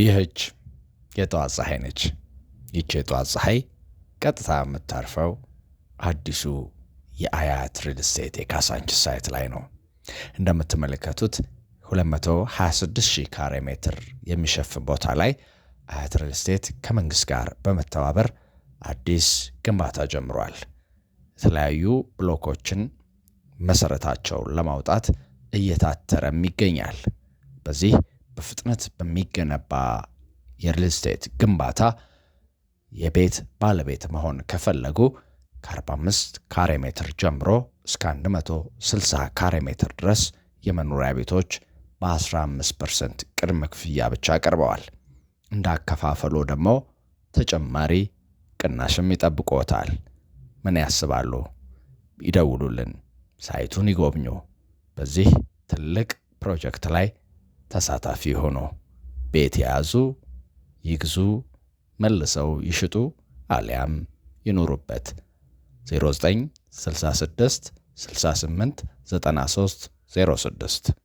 ይህች የጠዋት ፀሐይ ነች። ይች የጠዋት ፀሐይ ቀጥታ የምታርፈው አዲሱ የአያት ሪል ስቴት የካሳንችስ ሳይት ላይ ነው። እንደምትመለከቱት 226 ካሬ ሜትር የሚሸፍን ቦታ ላይ አያት ሪል ስቴት ከመንግስት ጋር በመተባበር አዲስ ግንባታ ጀምሯል። የተለያዩ ብሎኮችን መሰረታቸውን ለማውጣት እየታተረም ይገኛል። በዚህ በፍጥነት በሚገነባ የሪል ስቴት ግንባታ የቤት ባለቤት መሆን ከፈለጉ ከ45 ካሬ ሜትር ጀምሮ እስከ 160 ካሬ ሜትር ድረስ የመኖሪያ ቤቶች በ15 ፐርሰንት ቅድመ ክፍያ ብቻ ቀርበዋል። እንዳከፋፈሉ ደግሞ ተጨማሪ ቅናሽም ይጠብቆታል። ምን ያስባሉ? ይደውሉልን፣ ሳይቱን ይጎብኙ። በዚህ ትልቅ ፕሮጀክት ላይ ተሳታፊ ሆኖ ቤት የያዙ ይግዙ፣ መልሰው ይሽጡ፣ አሊያም ይኑሩበት። 0966 68 93 06